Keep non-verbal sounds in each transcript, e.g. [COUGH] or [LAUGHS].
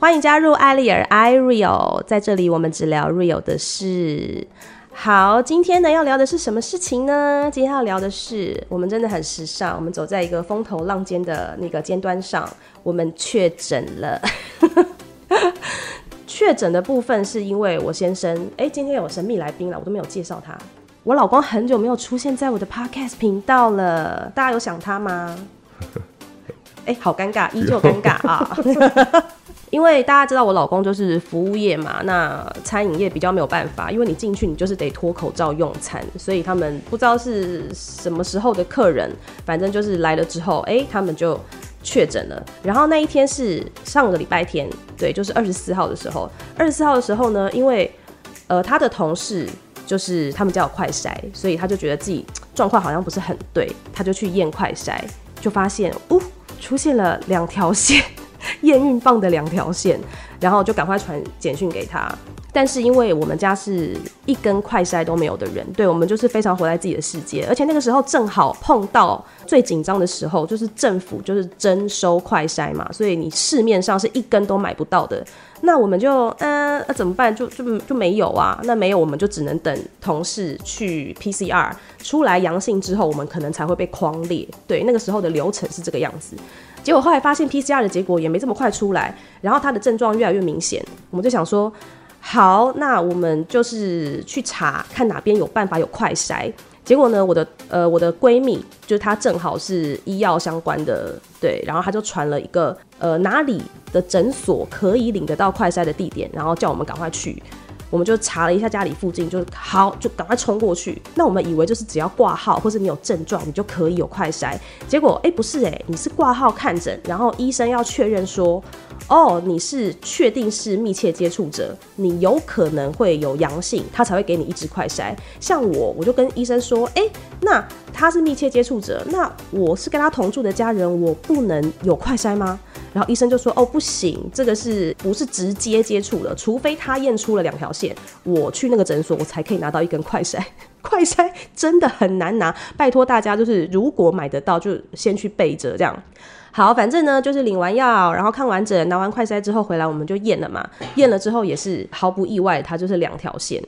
歡迎加入艾莉兒 I real 在這裡我們只聊 real 的事。好，今天呢要聊的是什麼事情呢？今天要聊的是，我們真的很時尚，我們走在一個風頭浪尖的那個尖端上。我們確診了， [LAUGHS] 確診的部分是因為我先生。哎，今天有神秘來賓了，我都沒有介紹他。我老公很久沒有出現在我的 podcast 頻道了，大家有想他嗎？哎， [LAUGHS] 好尷尬，依舊尷尬啊。 [LAUGHS] 哦 [LAUGHS] 因為大家知道我老公就是服務業嘛，那餐飲業比較沒有辦法，因為你進去你就是得脫口罩用餐，所以他們不知道是什麼時候的客人，反正就是來了之後，哎、欸，他們就確診了。然後那一天是上個禮拜天，對，就是二十四號的時候。二十四號的時候呢，因為呃他的同事就是他們家有快篩，所以他就覺得自己狀況好像不是很對，他就去驗快篩，就發現嗚、呃、出現了兩條線。驗孕棒的兩條線，然後就趕快傳簡訊給他。但是因為我們家是一根快篩都沒有的人，對，我們就是非常活在自己的世界。而且那個時候正好碰到最緊張的時候，就是政府就是徵收快篩嘛，所以你市面上是一根都買不到的。那我們就呃、啊、怎麼辦？就就就沒有啊？那沒有我們就只能等同事去 PCR 出來陽性之後，我們可能才會被框列。對，那個時候的流程是這個樣子。結果後來發現 PCR 的結果也沒這麼快出來，然後他的症狀越來越明顯，我們就想說，好，那我們就是去查看哪邊有辦法有快篩。結果呢，我的呃我的閨蜜，就是她正好是醫藥相關的，對，然後她就傳了一個呃哪裡的診所可以領得到快篩的地點，然後叫我們趕快去。我們就查了一下家裡附近，就是好，就趕快衝過去。那我們以為就是只要掛號或是你有症狀，你就可以有快篩。結果誒、欸，不是誒、欸，你是掛號看診，然後醫生要確認說。哦，你是確定是密切接觸者，你有可能會有陽性，他才會給你一支快篩。像我，我就跟醫生說，哎、欸，那他是密切接觸者，那我是跟他同住的家人，我不能有快篩嗎？然後醫生就說，哦，不行，這個是不是直接接觸的？除非他驗出了兩條線，我去那個診所，我才可以拿到一根快篩。快篩真的很難拿，拜託大家就是如果買得到就先去備着，這樣。好，反正呢就是領完藥，然後看完診，拿完快篩之後回來我們就驗了嘛，驗了之後也是毫不意外，它就是兩條線。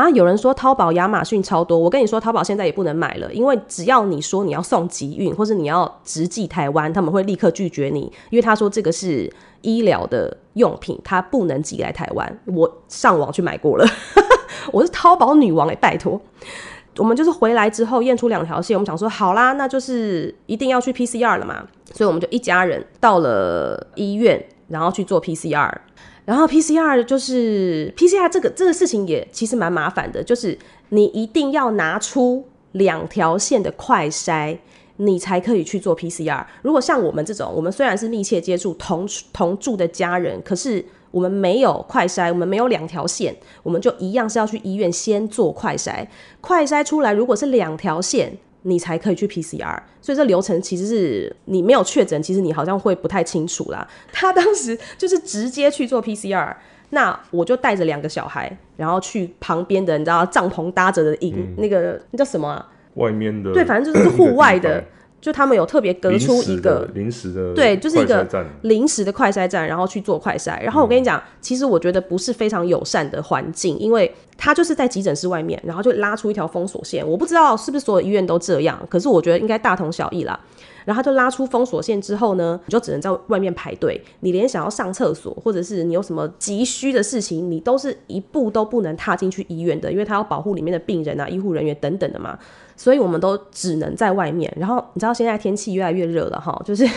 啊，有人說淘寶、亞馬遜超多。我跟你說，淘寶現在也不能買了，因為只要你說你要送集運，或者你要直寄台灣，他們會立刻拒絕你，因為他說這個是醫療的用品，他不能寄來台灣。我上網去買過了， [LAUGHS] 我是淘寶女王哎、欸，拜托。我們就是回來之後驗出兩條線，我們想說好啦，那就是一定要去 PCR 了嘛，所以我們就一家人到了醫院，然後去做 PCR。然後 PCR 就是 PCR 這個這個事情，也其實蠻麻煩的，就是你一定要拿出兩條線的快篩，你才可以去做 PCR。如果像我們這種，我們雖然是密切接觸同同住的家人，可是我們沒有快篩，我們沒有兩條線，我們就一樣是要去醫院先做快篩。快篩出來如果是兩條線，你才可以去 PCR，所以這流程其實是你沒有確診，其實你好像會不太清楚啦。他當時就是直接去做 PCR，那我就帶着兩個小孩，然後去旁邊的你知道帳篷搭着的營，嗯，那個那叫什麼啊？外面的。對，反正就是戶外的。就他們有特別隔出一個臨時的，臨時的快篩站，對，就是一個臨時的快篩站，然後去做快篩。然後我跟你講，嗯，其實我覺得不是非常友善的環境，因為他就是在急診室外面，然後就拉出一條封鎖線。我不知道是不是所有醫院都這樣，可是我覺得應該大同小異啦。然後他就拉出封鎖線之後呢，你就只能在外面排隊，你連想要上廁所或者是你有什麼急需的事情，你都是一步都不能踏進去醫院的，因為他要保護裡面的病人啊、醫護人員等等的嘛。所以我們都只能在外面。然後你知道現在天氣越來越熱了哈，就是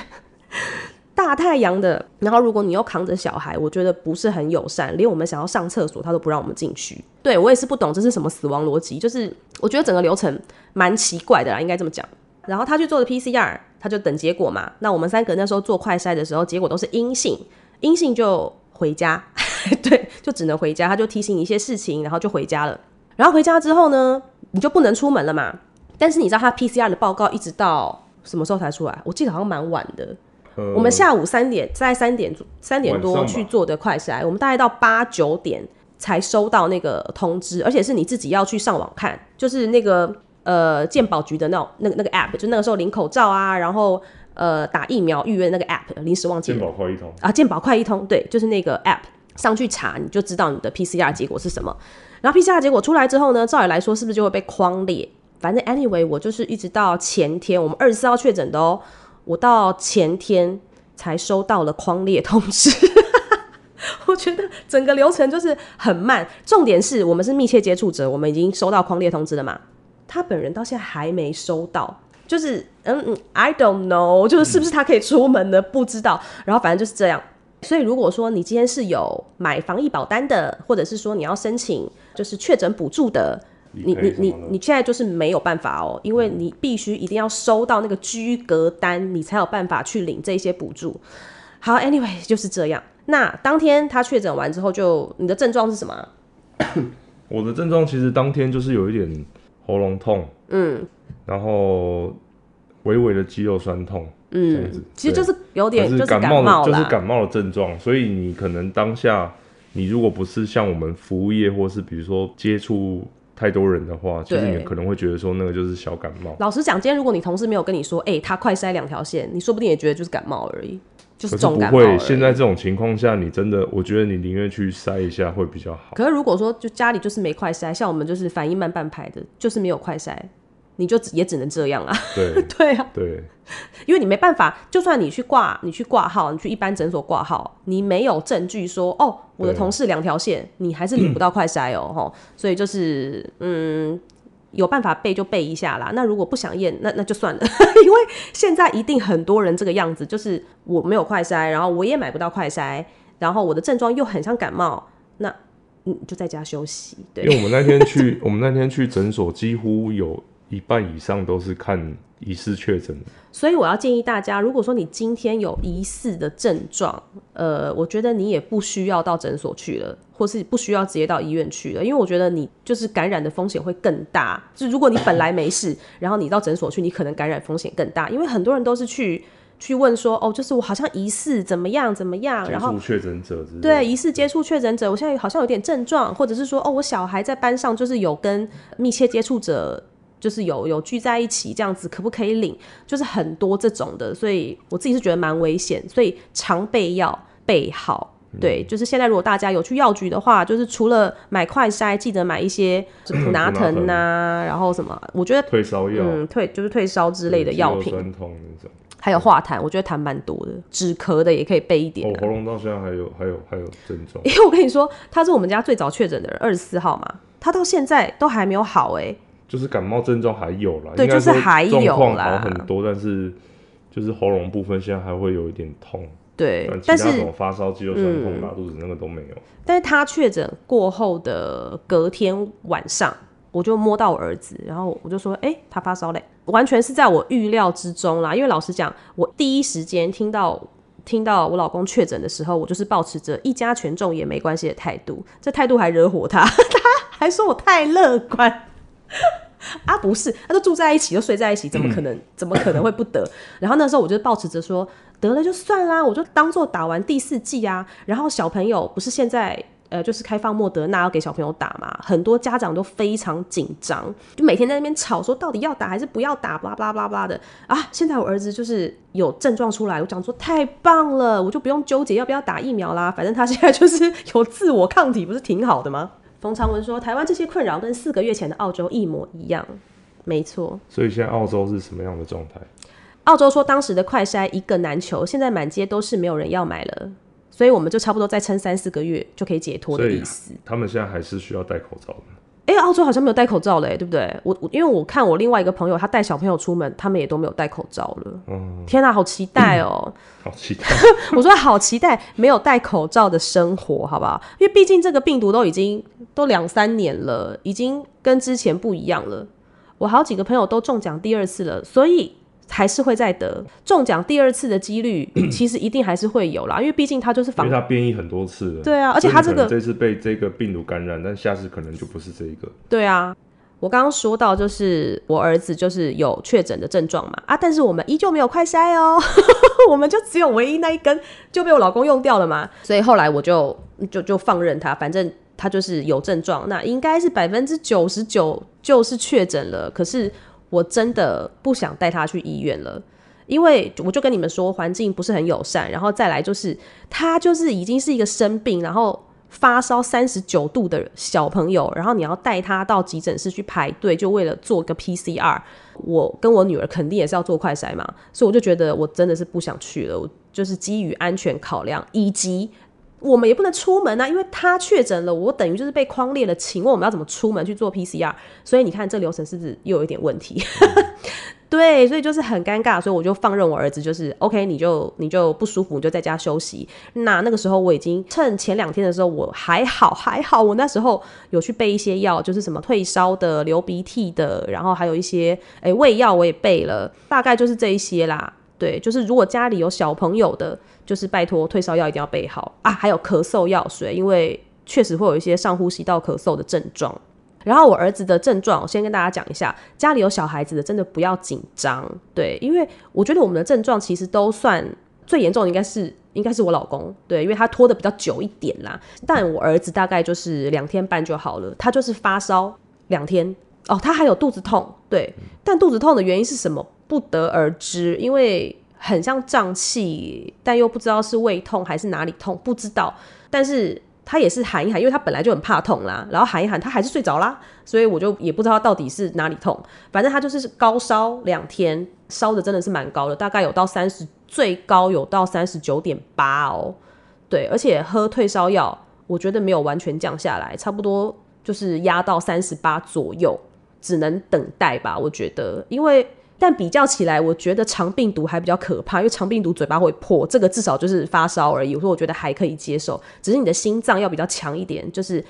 大太陽的。然後如果你又扛着小孩，我覺得不是很友善。連我們想要上廁所，他都不讓我們進去。對，我也是不懂這是什麼死亡邏輯，就是我覺得整個流程蠻奇怪的啦，應該這麼講。然後他去做了 PCR，他就等結果嘛。那我們三個那時候做快篩的時候，結果都是陰性，陰性就回家， [LAUGHS] 對，就只能回家。他就提醒一些事情，然後就回家了。然後回家之後呢？你就不能出門了嘛。但是你知道他 PCR 的報告一直到什麼時候才出來？我記得好像蠻晚的。我們下午三點，在三點三點多去做的快篩，我們大概到八九點才收到那個通知，而且是你自己要去上網看，就是那個呃健保局的那種那個那個 app，就那個時候領口罩啊，然後呃打疫苗預約那個 app。臨時忘記了，健保快一通啊，健保快一通，對，就是那個 app。上去查你就知道你的 PCR 結果是什麼，然後 PCR 結果出來之後呢，照理來說是不是就會被匡列？反正 anyway，我就是一直到前天，我們二十四號確診的哦、喔，我到前天才收到了匡列通知。 [LAUGHS] 我覺得整個流程就是很慢，重點是我們是密切接觸者，我們已經收到匡列通知了嘛？他本人到現在還沒收到，就是嗯，I don't know，就是是不是他可以出門呢、嗯、不知道，然後反正就是這樣。所以如果說你今天是有買防疫保單的，或者是說你要申請就是確診補助的，的你你你你現在就是沒有辦法哦、喔嗯，因為你必須一定要收到那個居隔單，你才有辦法去領這些補助。好，anyway 就是這樣。那當天他確診完之後就，就你的症狀是什麼？ [COUGHS] 我的症狀其實當天就是有一點喉嚨痛，嗯，然後微微的肌肉酸痛，嗯，這樣子其實就是。有點就感冒、就是，感冒就是感冒的症狀，所以你可能當下，你如果不是像我們服務業，或是比如說接觸太多人的話，就是你可能會覺得說那個就是小感冒。老實講，今天如果你同事沒有跟你說，哎、欸，他快篩兩條線，你說不定也覺得就是感冒而已，就是重感冒。現在這種情況下，你真的，我覺得你寧願去篩一下會比較好。可是如果說就家裡就是沒快篩，像我們就是反應慢半拍的，就是沒有快篩。你就也只能這樣啊？對 [LAUGHS] 對啊，對，因為你沒辦法。就算你去掛，你去掛號，你去一般診所掛號，你沒有證據說哦、喔，我的同事兩條線，你還是領不到快篩哦、喔。 [COUGHS] 所以就是嗯，有辦法備就備一下啦。那如果不想驗，那那就算了。 [LAUGHS] 因為現在一定很多人這個樣子，就是我沒有快篩，然後我也買不到快篩，然後我的症狀又很像感冒，那嗯就在家休息，對。因為我們那天去， [LAUGHS] 我們那天去診所幾乎有、一半以上都是看疑似確診的。所以我要建議大家，如果說你今天有疑似的症狀，呃，我覺得你也不需要到診所去了，或是不需要直接到醫院去了，因為我覺得你就是感染的風險會更大。就如果你本來沒事， [COUGHS] 然後你到診所去，你可能感染風險更大，因為很多人都是去去問說，哦，就是我好像疑似怎麼樣怎麼樣，然後確診者對疑似接觸確診者，我現在好像有點症狀，或者是說，哦，我小孩在班上就是有跟密切接觸者。就是有有聚在一起這樣子，可不可以領？就是很多這種的，所以我自己是覺得蠻危險，所以常備藥備好、嗯。對，就是現在如果大家有去藥局的話，就是除了買快篩記得買一些普 [COUGHS] 拿疼啊，然後什麼？我覺得退燒藥，嗯，退就是退燒之類的藥品，還有化痰。我覺得痰蠻多的，止咳的也可以備一點，哦。喉嚨到現在還有還有還有症狀。因為我跟你說，他是我們家最早確診的人，二十四號嘛，他到現在都還沒有好哎、欸。就是感冒症狀還有了，對，就是還有了。狀況好很多，但是就是喉嚨部分現在還會有一點痛。對，其他種燒，但是發燒、肌肉酸痛、拉、嗯、肚子那個都沒有。但是他確診過後的隔天晚上，我就摸到我兒子，然後我就說：“哎、欸，他發燒嘞！”完全是在我預料之中啦。因為老實講，我第一時間聽到聽到我老公確診的時候，我就是抱持着一家全中也沒關係的態度。這態度還惹火他， [LAUGHS] 他還說我太樂觀。 [LAUGHS] 啊，不是，他、啊、就住在一起，就睡在一起，怎麼可能？怎麼可能會不得？然後那時候我就抱持着說，得了就算啦，我就當做打完第四劑啊。然後小朋友不是現在呃，就是開放莫德納要給小朋友打嘛，很多家長都非常緊張，就每天在那邊吵，說到底要打還是不要打，巴拉巴拉巴拉的啊。現在我兒子就是有症狀出來，我講說太棒了，我就不用糾結要不要打疫苗啦，反正他現在就是有自我抗體，不是挺好的嗎？馮長文說：“台灣這些困擾跟四個月前的澳洲一模一樣，沒錯。所以現在澳洲是什麼樣的狀態？澳洲說當時的快篩一個難求，現在滿街都是沒有人要買了，所以我們就差不多再撐三四個月就可以解脫的意思。他們現在還是需要戴口罩的。”誒，澳洲好像沒有戴口罩嘞，對不對？我因為我看我另外一個朋友，他帶小朋友出門，他們也都沒有戴口罩了。嗯，天哪，好期待哦！嗯，好期待， [LAUGHS] 我說好期待沒有戴口罩的生活，好不好？因為畢竟這個病毒都已經都兩三年了，已經跟之前不一樣了。我好幾個朋友都中獎第二次了，所以。還是會再得中獎，第二次的幾率 [COUGHS] 其實一定還是會有啦，因為畢竟它就是防因為它變異很多次了。對啊，而且它這個這次被這個病毒感染，但下次可能就不是這一個。對啊，我剛剛說到就是我兒子就是有確診的症狀嘛啊，但是我們依舊沒有快篩哦、喔， [LAUGHS] 我們就只有唯一那一根就被我老公用掉了嘛，所以後來我就就就放任他，反正他就是有症狀，那應該是百分之九十九就是確診了，可是。我真的不想帶他去醫院了，因為我就跟你們說，環境不是很友善，然後再來就是他就是已經是一個生病，然後發燒三十九度的小朋友，然後你要帶他到急診室去排隊，就為了做個 PCR，我跟我女兒肯定也是要做快篩嘛，所以我就覺得我真的是不想去了，我就是基於安全考量以及。我們也不能出門啊，因為他確診了，我等於就是被匡列了。請問我們要怎麼出門去做 PCR？所以你看這流程是不是又有一點問題？ [LAUGHS] 對，所以就是很尷尬，所以我就放任我兒子，就是 OK，你就你就不舒服，你就在家休息。那那個時候我已經趁前兩天的時候，我還好還好，我那時候有去備一些藥，就是什麼退燒的、流鼻涕的，然後還有一些哎、欸、胃藥我也備了，大概就是這一些啦。對，就是如果家裡有小朋友的。就是拜託，退燒藥一定要備好啊！還有咳嗽藥水，因為確實會有一些上呼吸道咳嗽的症狀。然後我兒子的症狀，我先跟大家講一下，家裡有小孩子的真的不要緊張。對，因為我覺得我們的症狀其實都算最嚴重的，應該是應該是我老公對，因為他拖的比較久一點啦。但我兒子大概就是兩天半就好了，他就是發燒兩天哦，他還有肚子痛，對，但肚子痛的原因是什麼不得而知，因為。很像脹氣，但又不知道是胃痛還是哪裡痛，不知道。但是他也是喊一喊，因為他本來就很怕痛啦，然後喊一喊，他還是睡着啦。所以我就也不知道他到底是哪裡痛，反正他就是高燒兩天，燒的真的是蠻高的，大概有到三十，最高有到三十九點八哦。對，而且喝退燒藥，我覺得沒有完全降下來，差不多就是壓到三十八左右，只能等待吧。我覺得，因為。但比較起來，我覺得腸病毒還比較可怕，因為腸病毒嘴巴會破，這個至少就是發燒而已。我說我覺得還可以接受，只是你的心臟要比較強一點，就是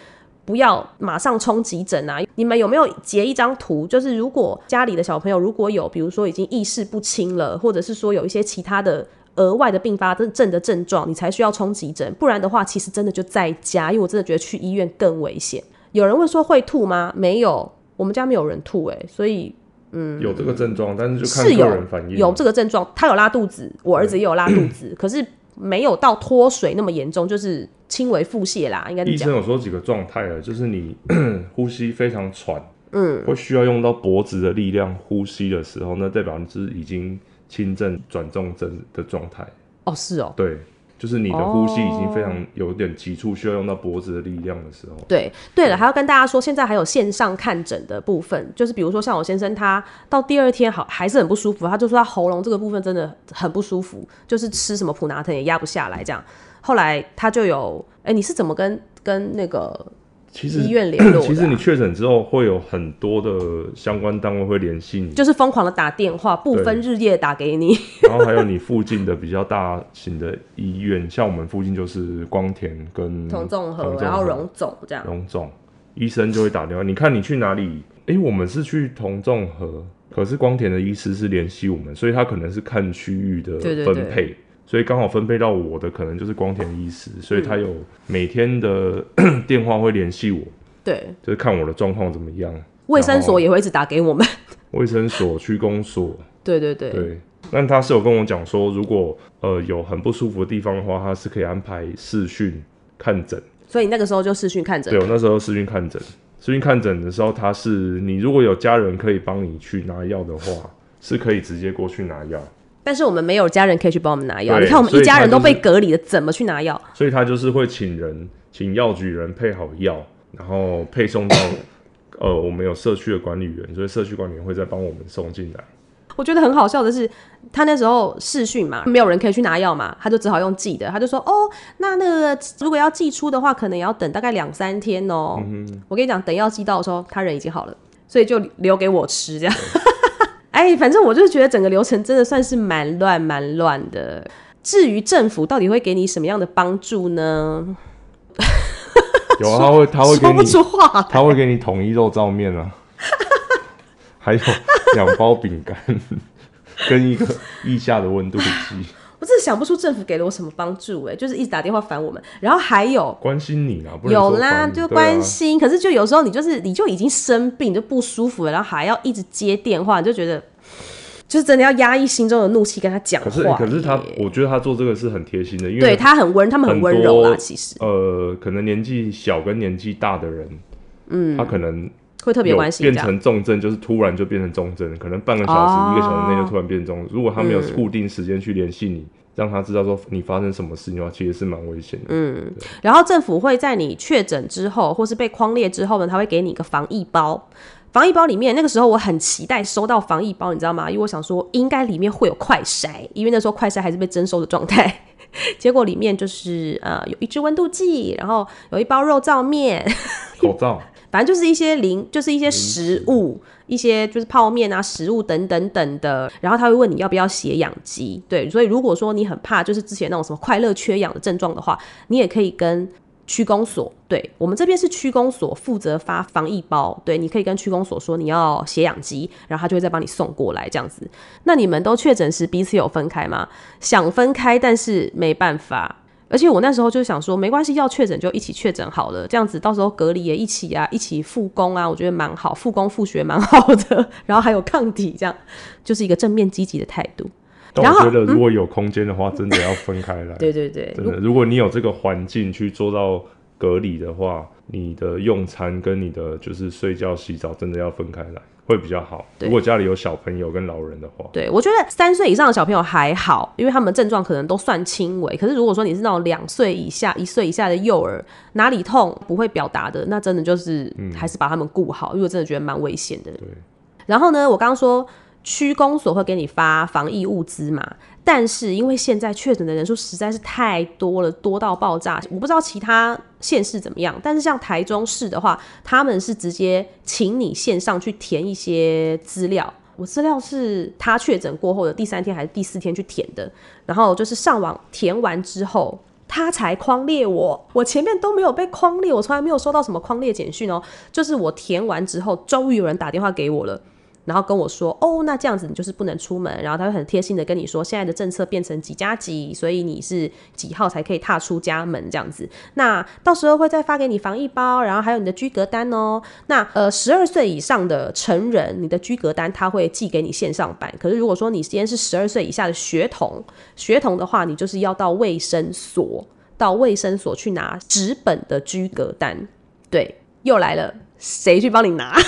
不要馬上衝急診啊！你們有沒有截一張圖？就是如果家裡的小朋友如果有，比如說已經意識不清了，或者是說有一些其他的額外的併發症的症狀，你才需要衝急診。不然的話，其實真的就在家。因為我真的覺得去醫院更危險。有人問說會吐嗎？沒有，我們家沒有人吐誒、欸。所以。嗯、有這個症狀，但是就看是有個人反應。有這個症狀，他有拉肚子，我兒子也有拉肚子，可是沒有到脫水那麼嚴重，就是輕微腹瀉啦 [COUGHS] 應該。醫生有說幾個狀態了，就是你 [COUGHS] 呼吸非常喘，嗯，會需要用到脖子的力量呼吸的時候呢，那代表你就是已經輕症轉重症的狀態。哦，是哦，對。就是你的呼吸已經非常有點急促，需要用到脖子的力量的時候。Oh. 對，對了，還要跟大家說，現在還有線上看診的部分，就是比如說像我先生他到第二天好還是很不舒服，他就說他喉嚨這個部分真的很不舒服，就是吃什麼普拿疼也壓不下來這樣。後來他就有，哎，欸，你是怎麼跟跟那個？其實、啊，其實你確診之後，會有很多的相關單位會聯繫你，就是瘋狂的打電話，不分日夜打給你。然後還有你附近的比較大型的醫院， [LAUGHS] 像我們附近就是光田跟童綜合、榮總這樣。榮總醫生就會打電話， [LAUGHS] 你看你去哪裡？哎、欸，我們是去童綜合，可是光田的醫師是聯繫我們，所以他可能是看區域的分配。對對對。所以剛好分配到我的可能就是光田醫師，嗯，所以他有每天的 [COUGHS] 電話會聯繫我，對，就是看我的狀況怎麼樣。衛生所也會一直打給我們，衛 [LAUGHS] 生所、區公所。對對對。對。那他是有跟我講說，如果呃有很不舒服的地方的話，他是可以安排視訊看診。所以那個時候就視訊看診。對，我那時候視訊看診。 [COUGHS] 視訊看診的時候，他是你如果有家人可以幫你去拿藥的話，是可以直接過去拿藥。但是我們沒有家人可以去幫我們拿藥，你看我們一家人都被隔離了、就是，怎麼去拿藥？所以他就是會請人，請藥局人配好藥，然後配送到 [COUGHS] 呃我們有社區的管理員，所以社區管理員會再幫我們送進來。我覺得很好笑的是，他那時候視訊嘛，沒有人可以去拿藥嘛，他就只好用寄的。他就說：“哦，那那個如果要寄出的話，可能也要等大概兩三天哦。嗯”我跟你講，等藥寄到的時候，他人已經好了，所以就留給我吃這樣。哎、欸，反正我就是覺得整個流程真的算是蠻亂、蠻亂的。至於政府到底會給你什麼樣的幫助呢？有、啊，他會，他會說不出話，他會給你統一肉燥麵啊， [LAUGHS] 還有兩包餅乾 [LAUGHS] 跟一個腋下的溫度計。 [LAUGHS] 想不出政府給了我什麼幫助、欸，哎，就是一直打電話煩我們。然後還有關心你啦、啊，有啦，就關心、啊。可是就有時候你就是你就已經生病就不舒服了，然後還要一直接電話，你就覺得就是真的要壓抑心中的怒氣跟他講話。可是，可是他，我覺得他做這個是很貼心的，因為對他很溫，他們很溫柔啦。其實，呃，可能年紀小跟年紀大的人，嗯，他可能會特別關心。變成重症就是突然就變成重症，可能半個小時、哦、一個小時內就突然變重。如果他沒有固定時間去聯繫你，嗯讓他知道說你發生什麼事情的話，其實是蠻危險的。嗯，然後政府會在你確診之後，或是被框列之後呢，他會給你一個防疫包。防疫包裡面，那個時候我很期待收到防疫包，你知道嗎？因為我想說應該裡面會有快篩，因為那時候快篩還是被徵收的狀態。結果裡面就是呃有一支溫度計，然後有一包肉燥麵，口罩， [LAUGHS] 反正就是一些零，就是一些食物。一些就是泡麵啊、食物等等等的，然後他會問你要不要血氧機，對，所以如果說你很怕就是之前那種什麼快樂缺氧的症狀的話，你也可以跟區公所，對我們這邊是區公所負責發防疫包，對，你可以跟區公所說你要血氧機，然後他就會再幫你送過來這樣子。那你們都確診時彼此有分開嗎？想分開，但是沒辦法。而且我那時候就想說，沒關係，要確診就一起確診好了，這樣子到時候隔離也一起啊，一起復工啊，我覺得蠻好，復工復學蠻好的，然後還有抗體，這樣就是一個正面積極的態度。我覺得如果有空間的話，嗯，真的要分開來。 [LAUGHS] 對對對，對真的，如果你有這個環境去做到隔離的話，你的用餐跟你的就是睡覺、洗澡真的要分開來會比較好。如果家裡有小朋友跟老人的話，對，我覺得三歲以上的小朋友還好，因為他們症狀可能都算輕微。可是如果說你是那種兩歲以下、一歲以下的幼兒，哪裡痛不會表達的，那真的就是還是把他們顧好。嗯、因為我真的覺得蠻危險的。對。然後呢，我剛剛說區公所會給你發防疫物資嘛，但是因為現在確診的人數實在是太多了，多到爆炸。我不知道其他。縣市怎麼樣？但是像台中市的話，他們是直接請你線上去填一些資料。我資料是他確診過後的第三天還是第四天去填的，然後就是上網填完之後，他才匡列我。我前面都沒有被匡列，我從來沒有收到什麼匡列簡訊哦。就是我填完之後，終於有人打電話給我了。然後跟我說，哦，那這樣子你就是不能出門。然後他會很貼心的跟你說，現在的政策變成幾加幾，所以你是幾號才可以踏出家門這樣子。那到時候會再發給你防疫包，然後還有你的居隔單哦。那呃，十二歲以上的成人，你的居隔單他會寄給你線上版。可是如果說你今天是十二歲以下的學童，學童的話，你就是要到衛生所，到衛生所去拿紙本的居隔單。對，又來了，誰去幫你拿？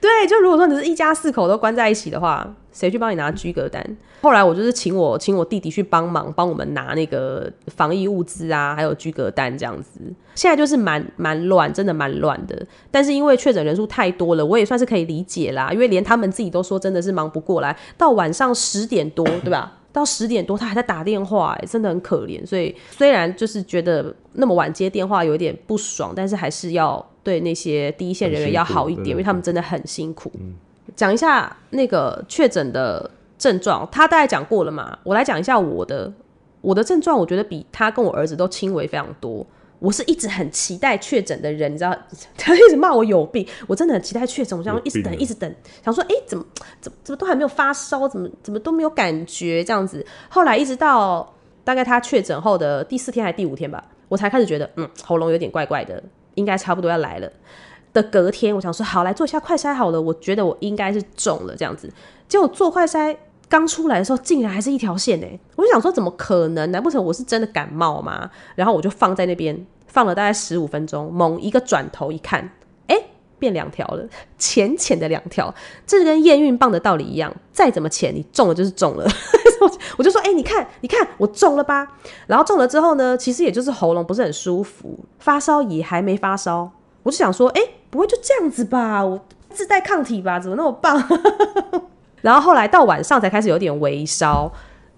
對，就如果說你是一家四口都關在一起的話，誰去幫你拿居隔單？後來我就是請我請我弟弟去幫忙，幫我們拿那個防疫物資啊，還有居隔單這樣子。現在就是蠻蠻亂，真的蠻亂的。但是因為確診人數太多了，我也算是可以理解啦。因為連他們自己都說真的是忙不過來。到晚上十點多，對吧？ [COUGHS] 到十點多他還在打電話欸，真的很可憐。所以雖然就是覺得那麼晚接電話有點不爽，但是還是要。對那些第一線人員要好一點，因為他們真的很辛苦。講、嗯、一下那個確診的症狀，他大概講過了嘛？我來講一下我的我的症狀，我覺得比他跟我兒子都輕微非常多。我是一直很期待確診的人，你知道他一直罵我有病，我真的很期待確診，我想一直等一直等，想說哎、欸，怎麼怎麼怎麼都還沒有發燒，怎麼怎麼都沒有感覺這樣子。後來一直到大概他確診後的第四天還是第五天吧，我才開始覺得嗯，喉嚨有點怪怪的。應該差不多要來了。的隔天，我想說好，來做一下快篩好了，我覺得我應該是中了這樣子。結果做快篩剛出來的時候，竟然還是一條線哎、欸！我就想說怎麼可能？難不成我是真的感冒嗎？然後我就放在那邊放了大概十五分鐘，猛一個轉頭一看，哎、欸，變兩條了，淺淺的兩條。這是跟驗孕棒的道理一樣，再怎麼淺，你中了就是中了。 [LAUGHS] 我就說，哎、欸，你看，你看，我中了吧？然後中了之後呢，其實也就是喉嚨不是很舒服，發燒也還沒發燒。我就想說，哎、欸，不會就這樣子吧？我自帶抗體吧？怎麼那麼棒？ [LAUGHS] 然後後來到晚上才開始有點微燒，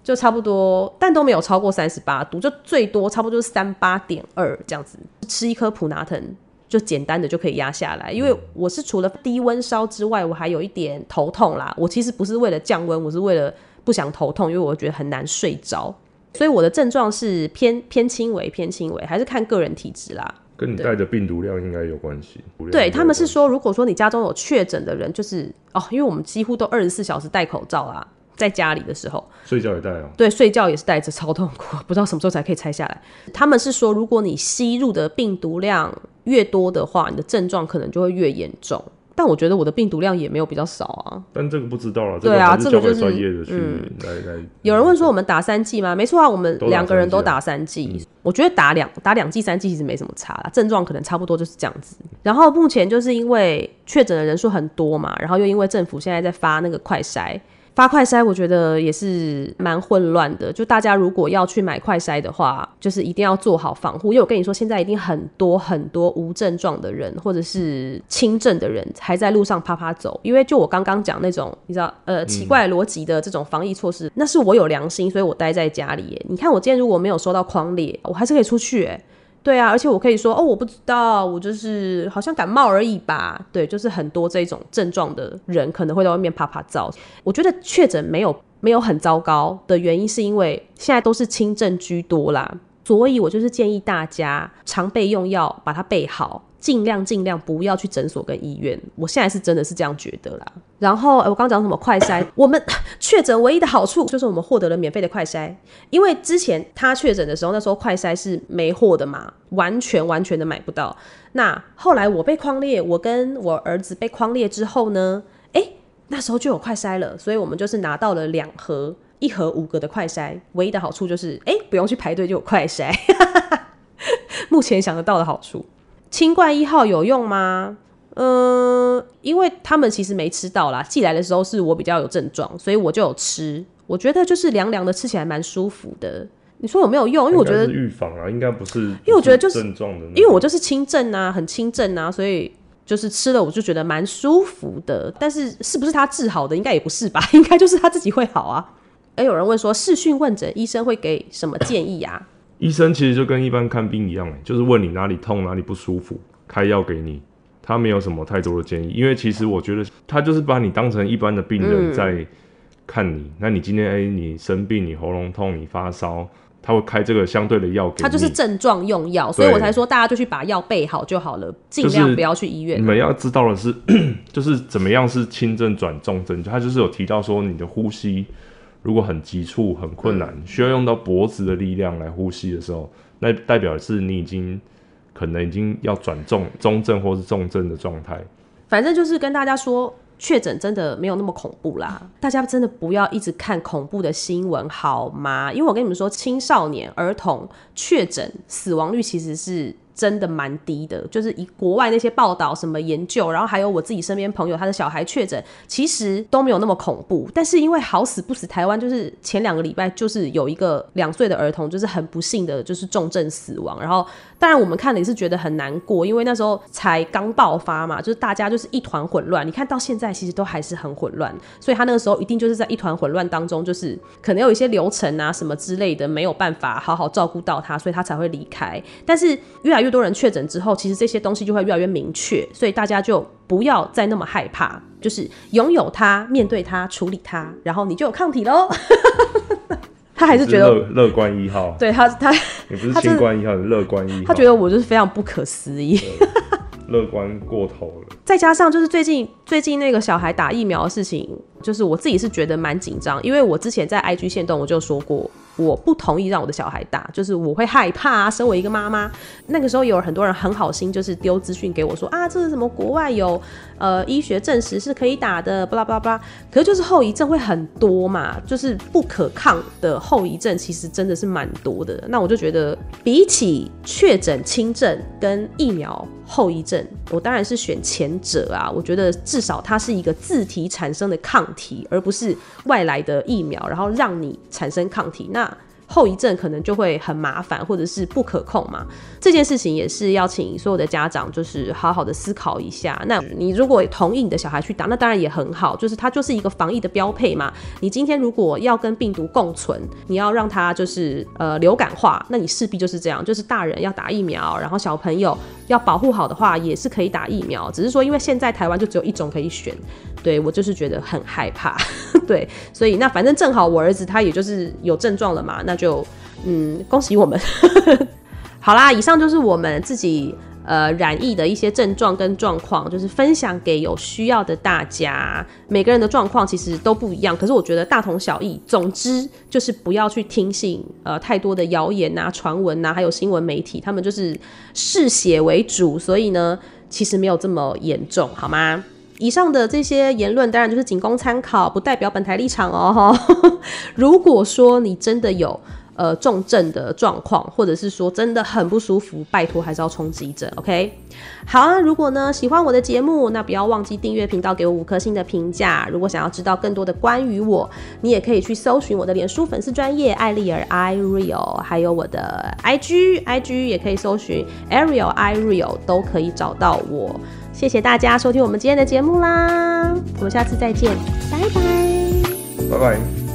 就差不多，但都沒有超過三十八度，就最多差不多就是三八點二這樣子。吃一顆普拿疼就簡單的就可以壓下來。因為我是除了低溫燒之外，我還有一點頭痛啦。我其實不是為了降溫，我是為了。不想頭痛，因為我覺得很難睡着，所以我的症狀是偏偏輕微，偏輕微，還是看個人體質啦。跟你帶的病毒量應該有關係。對，他們是說，如果說你家中有確診的人，就是哦，因為我們幾乎都二十四小時戴口罩啊，在家裡的時候，睡覺也戴哦。對，睡覺也是戴着，超痛苦，不知道什麼時候才可以拆下來。他們是說，如果你吸入的病毒量越多的話，你的症狀可能就會越嚴重。但我覺得我的病毒量也沒有比較少啊，但這個不知道了，啊這個。對啊，這個就的、是、去、嗯、來來。有人問說我們打三劑嗎？沒錯啊，我們兩個人都打三劑，啊。我覺得打兩打兩劑三劑其實沒什麼差啦，症狀可能差不多就是這樣子。然後目前就是因為確診的人數很多嘛，然後又因為政府現在在發那個快篩。發快篩，我覺得也是蠻混亂的。就大家如果要去買快篩的話，就是一定要做好防護。因為我跟你說，現在一定很多很多無症狀的人，或者是輕症的人，還在路上趴趴走。因為就我剛剛講那種，你知道，呃，奇怪邏輯的這種防疫措施、嗯，那是我有良心，所以我待在家裡耶。你看，我今天如果沒有收到匡列，我還是可以出去。對啊，而且我可以說哦，我不知道，我就是好像感冒而已吧。對，就是很多這種症狀的人可能會在外面趴趴走。我覺得確診沒有沒有很糟糕的原因，是因為現在都是輕症居多啦，所以我就是建議大家常備用藥，把它備好。儘量儘量不要去診所跟醫院，我現在是真的是這樣覺得啦。然後，欸、我剛講什麼快篩， [COUGHS] 我們確診唯一的好處就是我們獲得了免費的快篩，因為之前他確診的時候，那時候快篩是沒貨的嘛，完全完全的買不到。那後來我被匡列，我跟我兒子被匡列之後呢，哎、欸，那時候就有快篩了，所以我們就是拿到了兩盒，一盒五格的快篩。唯一的好處就是，哎、欸，不用去排隊就有快篩， [LAUGHS] 目前想得到的好處。清冠一號有用嗎？嗯，因為他們其實沒吃到啦。寄來的時候是我比較有症狀，所以我就有吃。我覺得就是涼涼的，吃起來蠻舒服的。你說有沒有用？因為我覺得預防啊，應該不是，不是。因為我覺得就是症狀的，因為我就是輕症啊，很輕症啊，所以就是吃了我就覺得蠻舒服的。但是是不是他治好的？應該也不是吧，應該就是他自己會好啊。誒、欸，有人問說視訊問診醫生會給什麼建議呀、啊？ [COUGHS] 醫生其實就跟一般看病一樣，就是問你哪裡痛，哪裡不舒服，開藥給你，他沒有什麼太多的建議，因為其實我覺得他就是把你當成一般的病人在看你。嗯、那你今天、欸、你生病，你喉嚨痛，你發燒，他會開這個相對的藥給你。他就是症狀用藥，所以我才說大家就去把藥備好就好了，盡量不要去醫院。你們要知道的是， [COUGHS] 就是怎麼樣是輕症轉重症，他就是有提到說你的呼吸。如果很急促、很困難，需要用到脖子的力量來呼吸的時候，那代表是你已經可能已經要轉中、中症或是重症的狀態。反正就是跟大家說，確診真的沒有那麼恐怖啦，大家真的不要一直看恐怖的新聞好嗎？因為我跟你們說，青少年、兒童確診死亡率其實是。真的蠻低的，就是以國外那些報道什麼研究，然後還有我自己身邊朋友他的小孩確診，其實都沒有那麼恐怖。但是因為好死不死，台灣就是前兩個禮拜就是有一個兩歲的兒童，就是很不幸的就是重症死亡。然後當然我們看了也是覺得很難過，因為那時候才剛爆發嘛，就是大家就是一團混亂。你看到現在其實都還是很混亂，所以他那個時候一定就是在一團混亂當中，就是可能有一些流程啊什麼之類的沒有辦法好好照顧到他，所以他才會離開。但是越來越多人確診之後，其實這些東西就會越來越明確，所以大家就不要再那麼害怕，就是擁有它、面對它、處理它，然後你就有抗體嘍。 [LAUGHS] 他還是覺得樂觀一號，對他，他你不是新冠一號，樂觀一號，他覺得我就是非常不可思議，樂 [LAUGHS] 觀過頭了。再加上就是最近最近那個小孩打疫苗的事情，就是我自己是覺得蠻緊張，因為我之前在 IG 限動我就說過。我不同意讓我的小孩打，就是我會害怕啊。身為一個媽媽，那個時候有很多人很好心，就是丟資訊給我說啊，這是什麼國外有呃醫學證實是可以打的，巴拉巴拉巴拉。可是就是後遺症會很多嘛，就是不可抗的後遺症，其實真的是蠻多的。那我就覺得比起確診、輕症跟疫苗，後遺症，我當然是選前者啊！我覺得至少它是一個自體產生的抗體，而不是外來的疫苗，然後讓你產生抗體。那。後遺症可能就會很麻煩，或者是不可控嘛。這件事情也是要請所有的家長，就是好好的思考一下。那你如果同意你的小孩去打，那當然也很好，就是它就是一個防疫的標配嘛。你今天如果要跟病毒共存，你要讓它就是呃流感化，那你勢必就是這樣，就是大人要打疫苗，然後小朋友要保護好的話，也是可以打疫苗，只是說因為現在台灣就只有一種可以選。對，我就是覺得很害怕。 [LAUGHS] 對，所以那反正正好我兒子他也就是有症狀了嘛，那就嗯，恭喜我們。 [LAUGHS] 好啦，以上就是我們自己呃染疫的一些症狀跟狀況，就是分享給有需要的大家。每個人的狀況其實都不一樣，可是我覺得大同小異。總之就是不要去聽信呃太多的謠言啊、傳聞啊，還有新聞媒體他們就是嗜血為主，所以呢，其實沒有這麼嚴重，好嗎？以上的這些言論當然就是僅供參考，不代表本台立場哦哈。 [LAUGHS] 如果說你真的有呃重症的狀況，或者是說真的很不舒服，拜托還是要衝急診。OK，好啊。如果呢喜歡我的節目，那不要忘記訂閱頻道，給我五顆星的評價。如果想要知道更多的關於我，你也可以去搜尋我的臉書粉絲專頁艾莉兒 I real 還有我的 IG IG 也可以搜尋 Ariel I real 都可以找到我。謝謝大家收聽我們今天的節目啦，我們下次再見，拜拜，拜拜。